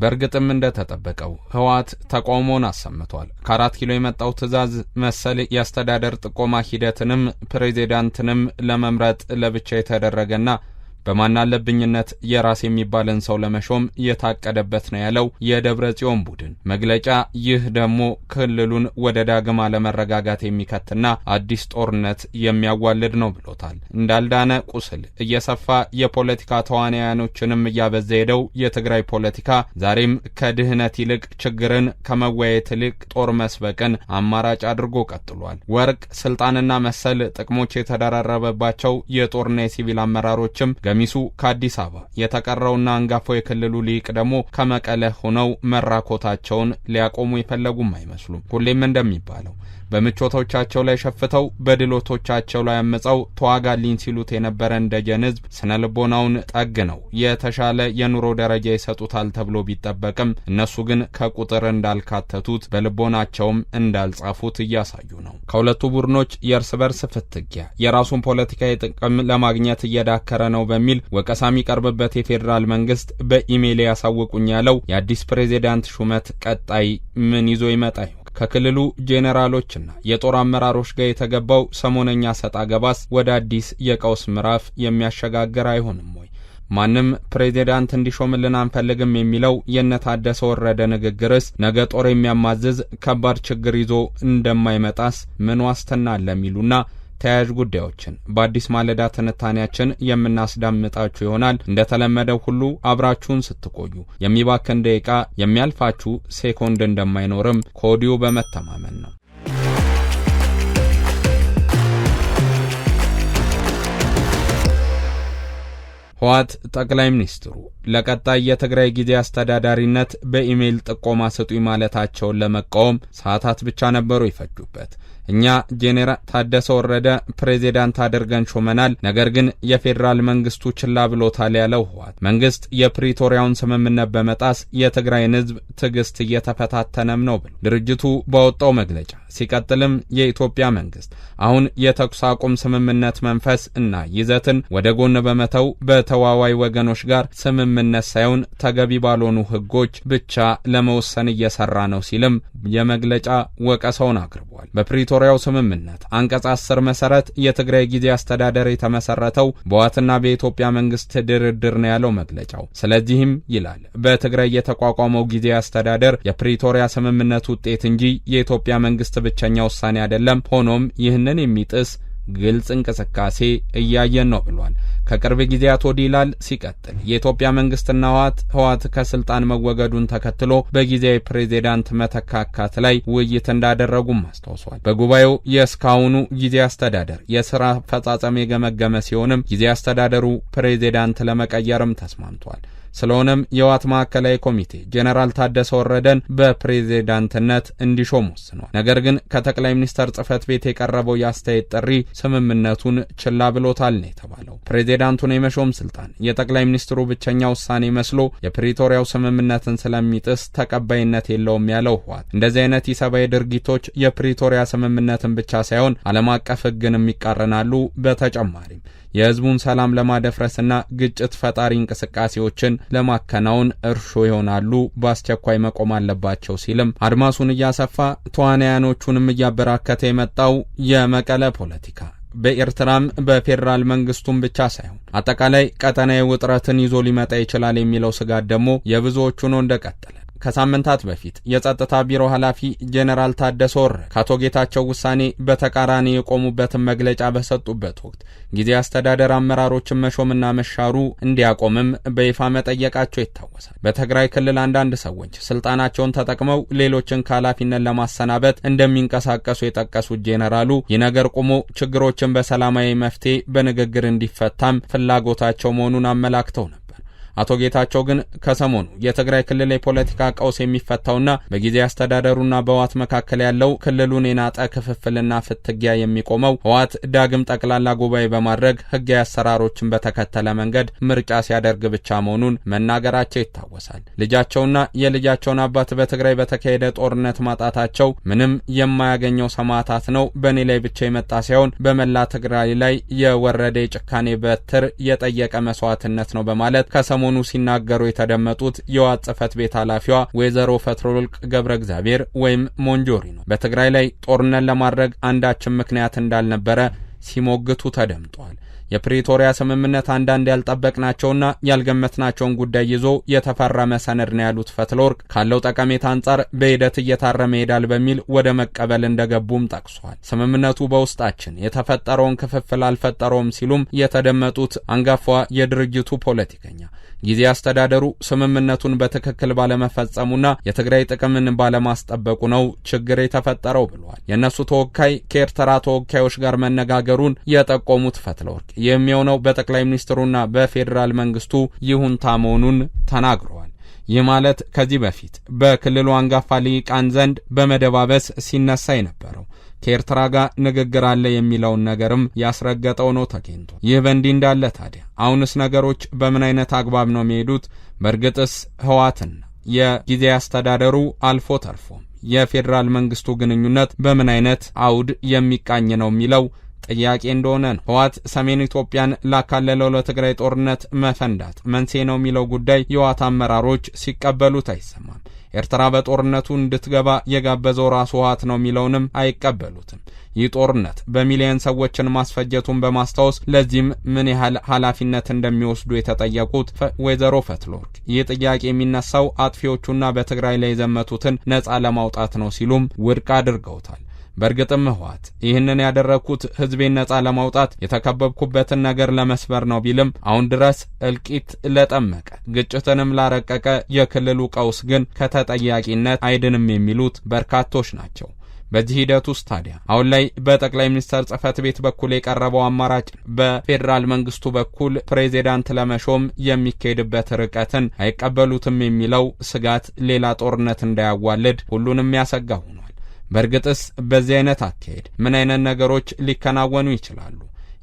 በእርግጥም እንደተጠበቀው ህወሓት ተቃውሞውን አሰምቷል። ከአራት ኪሎ የመጣው ትዕዛዝ መሰል የአስተዳደር ጥቆማ ሂደትንም ፕሬዚዳንትንም ለመምረጥ ለብቻ የተደረገና በማናለብኝነት የራስ የሚባልን ሰው ለመሾም የታቀደበት ነው ያለው የደብረ ጽዮን ቡድን መግለጫ። ይህ ደግሞ ክልሉን ወደ ዳግም አለመረጋጋት የሚከትና አዲስ ጦርነት የሚያዋልድ ነው ብሎታል። እንዳልዳነ ቁስል እየሰፋ የፖለቲካ ተዋናያኖችንም እያበዛ ሄደው የትግራይ ፖለቲካ ዛሬም ከድህነት ይልቅ ችግርን ከመወያየት ይልቅ ጦር መስበቅን አማራጭ አድርጎ ቀጥሏል። ወርቅ፣ ስልጣንና መሰል ጥቅሞች የተደራረበባቸው የጦርና የሲቪል አመራሮችም ቀሚሱ ከአዲስ አበባ የተቀረውና አንጋፋው የክልሉ ሊቅ ደግሞ ከመቀለ ሆነው መራኮታቸውን ሊያቆሙ የፈለጉም አይመስሉም። ሁሌም እንደሚባለው በምቾቶቻቸው ላይ ሸፍተው በድሎቶቻቸው ላይ አመፀው ተዋጋልኝ ሲሉት የነበረ እንደጀን ህዝብ ስነ ልቦናውን ጠግ ነው የተሻለ የኑሮ ደረጃ ይሰጡታል ተብሎ ቢጠበቅም እነሱ ግን ከቁጥር እንዳልካተቱት በልቦናቸውም እንዳልጻፉት እያሳዩ ነው። ከሁለቱ ቡድኖች የእርስ በርስ ፍትጊያ የራሱን ፖለቲካዊ ጥቅም ለማግኘት እየዳከረ ነው በሚል ወቀሳ የሚቀርብበት የፌዴራል መንግስት በኢሜይል ያሳውቁኝ ያለው የአዲስ ፕሬዚዳንት ሹመት ቀጣይ ምን ይዞ ይመጣ? ከክልሉ ጄኔራሎችና የጦር አመራሮች ጋር የተገባው ሰሞነኛ ሰጣ ገባስ ወደ አዲስ የቀውስ ምዕራፍ የሚያሸጋግር አይሆንም ወይ? ማንም ፕሬዚዳንት እንዲሾምልን አንፈልግም የሚለው የነ ወረደ ንግግርስ ነገ ጦር የሚያማዝዝ ከባድ ችግር ይዞ እንደማይመጣስ ምን ዋስትና አለ? የሚሉና ተያያዥ ጉዳዮችን በአዲስ ማለዳ ትንታኔያችን የምናስዳምጣችሁ ይሆናል። እንደተለመደው ሁሉ አብራችሁን ስትቆዩ የሚባክን ደቂቃ የሚያልፋችሁ ሴኮንድ እንደማይኖርም ከወዲሁ በመተማመን ነው። ህወሓት ጠቅላይ ሚኒስትሩ ለቀጣይ የትግራይ ጊዜ አስተዳዳሪነት በኢሜይል ጥቆማ ስጡኝ ማለታቸውን ለመቃወም ሰዓታት ብቻ ነበሩ ይፈጁበት። እኛ ጄኔራል ታደሰ ወረደ ፕሬዚዳንት አድርገን ሾመናል፣ ነገር ግን የፌዴራል መንግስቱ ችላ ብሎታል ያለው ህወሓት መንግስት የፕሪቶሪያውን ስምምነት በመጣስ የትግራይን ህዝብ ትዕግስት እየተፈታተነም ነው ብሎ ድርጅቱ ባወጣው መግለጫ ሲቀጥልም የኢትዮጵያ መንግስት አሁን የተኩስ አቁም ስምምነት መንፈስ እና ይዘትን ወደ ጎን በመተው በተዋዋይ ወገኖች ጋር ስምምነት ሳይሆን ተገቢ ባልሆኑ ህጎች ብቻ ለመወሰን እየሰራ ነው ሲልም የመግለጫ ወቀሰውን አቅርቧል። የፕሪቶሪያው ስምምነት አንቀጽ 10 መሰረት የትግራይ ጊዜ አስተዳደር የተመሰረተው በዋትና በኢትዮጵያ መንግስት ድርድር ነው ያለው መግለጫው። ስለዚህም ይላል በትግራይ የተቋቋመው ጊዜ አስተዳደር የፕሪቶሪያ ስምምነት ውጤት እንጂ የኢትዮጵያ መንግስት ብቸኛ ውሳኔ አይደለም። ሆኖም ይህንን የሚጥስ ግልጽ እንቅስቃሴ እያየን ነው ብሏል። ከቅርብ ጊዜያት ወዲህ ይላል ሲቀጥል የኢትዮጵያ መንግስትና ህዋት ህዋት ከስልጣን መወገዱን ተከትሎ በጊዜያዊ ፕሬዚዳንት መተካካት ላይ ውይይት እንዳደረጉም አስታውሷል። በጉባኤው የእስካሁኑ ጊዜ አስተዳደር የስራ አፈጻጸም የገመገመ ሲሆንም ጊዜ አስተዳደሩ ፕሬዚዳንት ለመቀየርም ተስማምቷል። ስለሆነም የዋት ማዕከላዊ ኮሚቴ ጄኔራል ታደሰ ወረደን በፕሬዚዳንትነት እንዲሾም ወስኗል። ነገር ግን ከጠቅላይ ሚኒስተር ጽህፈት ቤት የቀረበው የአስተያየት ጥሪ ስምምነቱን ችላ ብሎታል ነው የተባለው። ፕሬዚዳንቱን የመሾም ስልጣን የጠቅላይ ሚኒስትሩ ብቸኛ ውሳኔ መስሎ የፕሪቶሪያው ስምምነትን ስለሚጥስ ተቀባይነት የለውም ያለው ህወሓት እንደዚህ አይነት ኢሰብአዊ ድርጊቶች የፕሪቶሪያ ስምምነትን ብቻ ሳይሆን ዓለም አቀፍ ህግንም ይቃረናሉ። በተጨማሪም የህዝቡን ሰላም ለማደፍረስና ግጭት ፈጣሪ እንቅስቃሴዎችን ለማከናወን እርሾ ይሆናሉ፣ በአስቸኳይ መቆም አለባቸው ሲልም አድማሱን እያሰፋ ተዋናያኖቹንም እያበራከተ የመጣው የመቀለ ፖለቲካ በኤርትራም በፌዴራል መንግስቱም ብቻ ሳይሆን አጠቃላይ ቀጠናዊ ውጥረትን ይዞ ሊመጣ ይችላል የሚለው ስጋት ደግሞ የብዙዎቹ ነው እንደቀጠለ ከሳምንታት በፊት የጸጥታ ቢሮ ኃላፊ ጄኔራል ታደሰ ወረደ ከአቶ ጌታቸው ውሳኔ በተቃራኒ የቆሙበትን መግለጫ በሰጡበት ወቅት ጊዜ አስተዳደር አመራሮችን መሾምና መሻሩ እንዲያቆምም በይፋ መጠየቃቸው ይታወሳል። በትግራይ ክልል አንዳንድ ሰዎች ስልጣናቸውን ተጠቅመው ሌሎችን ከኃላፊነት ለማሰናበት እንደሚንቀሳቀሱ የጠቀሱት ጄኔራሉ ይህ ነገር ቆሞ ችግሮችን በሰላማዊ መፍትሄ በንግግር እንዲፈታም ፍላጎታቸው መሆኑን አመላክተው ነበር። አቶ ጌታቸው ግን ከሰሞኑ የትግራይ ክልል የፖለቲካ ቀውስ የሚፈታውና በጊዜ አስተዳደሩና በዋት መካከል ያለው ክልሉን የናጠ ክፍፍልና ፍትጊያ የሚቆመው ህዋት ዳግም ጠቅላላ ጉባኤ በማድረግ ህጋዊ አሰራሮችን በተከተለ መንገድ ምርጫ ሲያደርግ ብቻ መሆኑን መናገራቸው ይታወሳል። ልጃቸውና የልጃቸውን አባት በትግራይ በተካሄደ ጦርነት ማጣታቸው ምንም የማያገኘው ሰማዕታት ነው፣ በእኔ ላይ ብቻ የመጣ ሳይሆን በመላ ትግራይ ላይ የወረደ የጭካኔ በትር የጠየቀ መስዋዕትነት ነው በማለት ከሰሞኑ ሰሞኑ ሲናገሩ የተደመጡት የዋት ጽህፈት ቤት ኃላፊዋ ወይዘሮ ፈትለወርቅ ገብረ እግዚአብሔር ወይም ሞንጆሪ ነው። በትግራይ ላይ ጦርነት ለማድረግ አንዳችን ምክንያት እንዳልነበረ ሲሞግቱ ተደምጧል። የፕሪቶሪያ ስምምነት አንዳንድ ያልጠበቅናቸውና ያልገመትናቸውን ጉዳይ ይዞ የተፈረመ ሰነድ ነው ያሉት ፈትለወርቅ ካለው ጠቀሜታ አንጻር በሂደት እየታረመ ይሄዳል በሚል ወደ መቀበል እንደገቡም ጠቅሷል። ስምምነቱ በውስጣችን የተፈጠረውን ክፍፍል አልፈጠረውም ሲሉም የተደመጡት አንጋፏ የድርጅቱ ፖለቲከኛ ጊዜ አስተዳደሩ ስምምነቱን በትክክል ባለመፈጸሙና የትግራይ ጥቅምን ባለማስጠበቁ ነው ችግር የተፈጠረው ብለዋል። የእነሱ ተወካይ ከኤርትራ ተወካዮች ጋር መነጋገሩን የጠቆሙት ፈትለወርቅ የሚሆነው በጠቅላይ ሚኒስትሩና በፌዴራል መንግስቱ ይሁንታ መሆኑን ተናግረዋል። ይህ ማለት ከዚህ በፊት በክልሉ አንጋፋ ሊቃን ዘንድ በመደባበስ ሲነሳ የነበረው ከኤርትራ ጋር ንግግር አለ የሚለውን ነገርም ያስረገጠው ነው ተገኝቶ። ይህ በእንዲህ እንዳለ ታዲያ አሁንስ ነገሮች በምን አይነት አግባብ ነው የሚሄዱት? በእርግጥስ ህዋትና የጊዜ አስተዳደሩ አልፎ ተርፎም የፌዴራል መንግስቱ ግንኙነት በምን አይነት አውድ የሚቃኝ ነው የሚለው ጥያቄ እንደሆነ ነው። ህወሓት ሰሜን ኢትዮጵያን ላካለለው ለትግራይ ጦርነት መፈንዳት መንስኤ ነው የሚለው ጉዳይ የህወሓት አመራሮች ሲቀበሉት አይሰማም። ኤርትራ በጦርነቱ እንድትገባ የጋበዘው ራሱ ህወሓት ነው የሚለውንም አይቀበሉትም። ይህ ጦርነት በሚሊዮን ሰዎችን ማስፈጀቱን በማስታወስ ለዚህም ምን ያህል ኃላፊነት እንደሚወስዱ የተጠየቁት ወይዘሮ ፈትለወርቅ ይህ ጥያቄ የሚነሳው አጥፊዎቹና በትግራይ ላይ የዘመቱትን ነፃ ለማውጣት ነው ሲሉም ውድቅ አድርገውታል። በእርግጥም ህወሓት ይህንን ያደረግኩት ህዝቤን ነጻ ለማውጣት የተከበብኩበትን ነገር ለመስበር ነው ቢልም አሁን ድረስ እልቂት ለጠመቀ ግጭትንም ላረቀቀ የክልሉ ቀውስ ግን ከተጠያቂነት አይድንም የሚሉት በርካቶች ናቸው። በዚህ ሂደት ውስጥ ታዲያ አሁን ላይ በጠቅላይ ሚኒስትር ጽህፈት ቤት በኩል የቀረበው አማራጭ በፌዴራል መንግስቱ በኩል ፕሬዚዳንት ለመሾም የሚካሄድበት ርቀትን አይቀበሉትም የሚለው ስጋት ሌላ ጦርነት እንዳያዋልድ ሁሉንም ያሰጋ ሆኗል። በእርግጥስ በዚህ አይነት አካሄድ ምን አይነት ነገሮች ሊከናወኑ ይችላሉ?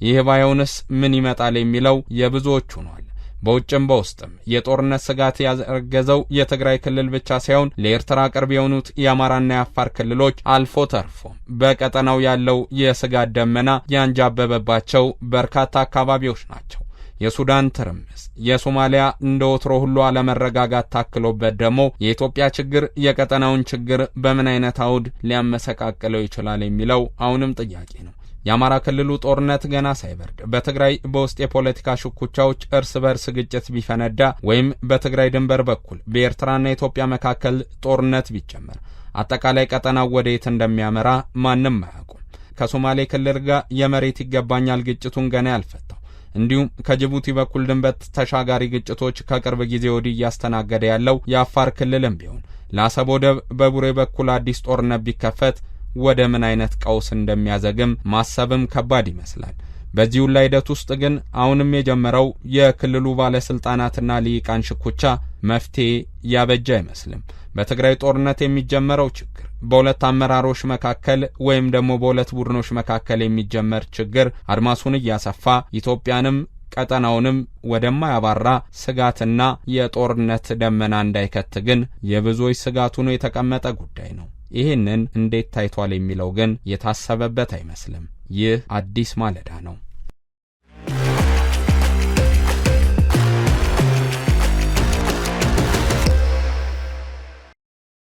ይህ ባይሆንስ ምን ይመጣል የሚለው የብዙዎች ሆኗል። በውጭም በውስጥም የጦርነት ስጋት ያረገዘው የትግራይ ክልል ብቻ ሳይሆን ለኤርትራ ቅርብ የሆኑት የአማራና የአፋር ክልሎች አልፎ ተርፎ በቀጠናው ያለው የስጋት ደመና ያንጃበበባቸው በርካታ አካባቢዎች ናቸው። የሱዳን ትርምስ፣ የሶማሊያ እንደ ወትሮ ሁሉ አለመረጋጋት ታክሎበት ደግሞ የኢትዮጵያ ችግር የቀጠናውን ችግር በምን አይነት አውድ ሊያመሰቃቅለው ይችላል የሚለው አሁንም ጥያቄ ነው። የአማራ ክልሉ ጦርነት ገና ሳይበርድ በትግራይ በውስጥ የፖለቲካ ሽኩቻዎች እርስ በርስ ግጭት ቢፈነዳ ወይም በትግራይ ድንበር በኩል በኤርትራና ኢትዮጵያ መካከል ጦርነት ቢጀመር አጠቃላይ ቀጠናው የት እንደሚያመራ ማንም አያውቁም። ከሶማሌ ክልል ጋር የመሬት ይገባኛል ግጭቱን ገና ያልፈታው እንዲሁም ከጅቡቲ በኩል ድንበት ተሻጋሪ ግጭቶች ከቅርብ ጊዜ ወዲህ እያስተናገደ ያለው የአፋር ክልልም ቢሆን ለአሰብ ወደብ በቡሬ በኩል አዲስ ጦርነት ቢከፈት ወደ ምን አይነት ቀውስ እንደሚያዘግም ማሰብም ከባድ ይመስላል። በዚህ ሁሉ ሂደት ውስጥ ግን አሁንም የጀመረው የክልሉ ባለስልጣናትና ልሂቃን ሽኩቻ መፍትሄ ያበጃ አይመስልም። በትግራይ ጦርነት የሚጀመረው ችግር በሁለት አመራሮች መካከል ወይም ደግሞ በሁለት ቡድኖች መካከል የሚጀመር ችግር አድማሱን እያሰፋ ኢትዮጵያንም ቀጠናውንም ወደማያባራ ስጋትና የጦርነት ደመና እንዳይከት ግን የብዙዎች ስጋት ሆኖ የተቀመጠ ጉዳይ ነው። ይህንን እንዴት ታይቷል የሚለው ግን የታሰበበት አይመስልም። ይህ አዲስ ማለዳ ነው።